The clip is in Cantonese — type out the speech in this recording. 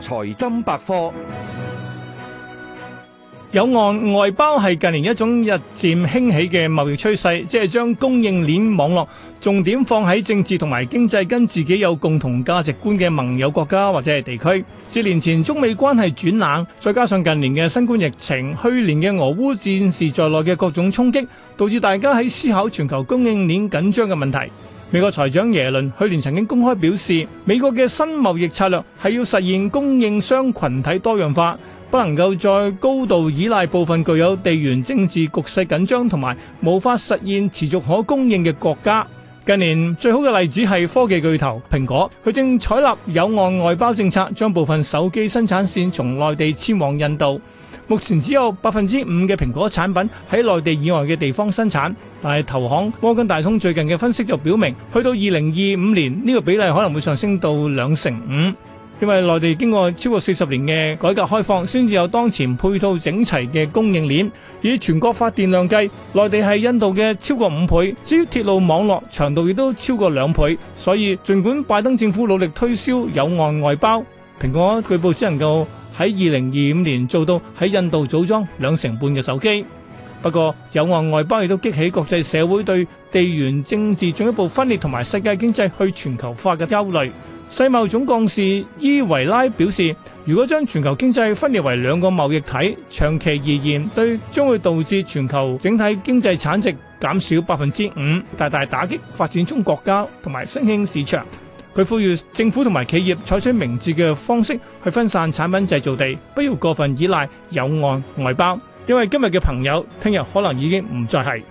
財經百科，友岸外包係近年一種日漸興起嘅貿易趨勢，即係將供應鏈網絡重點放喺政治同埋經濟，跟自己有共同價值觀嘅盟友國家或者係地區。四年前中美關係轉冷，再加上近年嘅新冠疫情、去年嘅俄烏戰事在內嘅各種衝擊，導致大家喺思考全球供應鏈緊張嘅問題。美國財長耶倫去年曾經公開表示，美國嘅新貿易策略係要實現供應商群體多樣化，不能夠再高度依賴部分具有地緣政治局勢緊張同埋無法實現持續可供應嘅國家。近年最好嘅例子係科技巨頭蘋果，佢正採納友岸外包政策，將部分手機生產線從內地遷往印度。目前只有百分之五嘅蘋果產品喺內地以外嘅地方生產，但係投行摩根大通最近嘅分析就表明，去到二零二五年呢個比例可能會上升到兩成五。因為內地經過超過四十年嘅改革開放，先至有當前配套整齊嘅供應鏈，以全國發電量計，內地係印度嘅超過五倍，至於鐵路網絡長度亦都超過兩倍。所以，儘管拜登政府努力推銷友岸外包，蘋果據報只能夠喺二零二五年做到喺印度組裝兩成半嘅手機，不過友岸外包亦都激起國際社會對地緣政治進一步分裂同埋世界經濟去全球化嘅憂慮。世貿總幹事伊維拉表示，如果將全球經濟分裂為兩個貿易體，長期而言對將會導致全球整體經濟產值減少百分之五，大大打擊發展中國家同埋新興市場。佢呼籲政府同埋企業採取明智嘅方式去分散產品製造地，不要過分依賴友岸外包，因為今日嘅朋友，聽日可能已經唔再係。